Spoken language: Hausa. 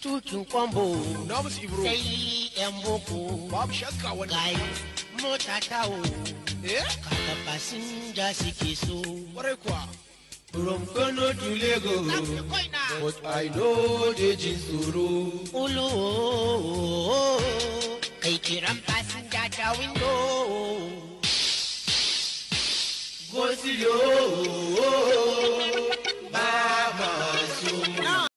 tukin kwambo sai yan boko babu shakka wani gai mota tawo eh? kada fasinja suke so kwarai kuwa From Kano to lego, but I know the jinsoro. Olo, kai kiran fasinja ta window. Gosiyo. see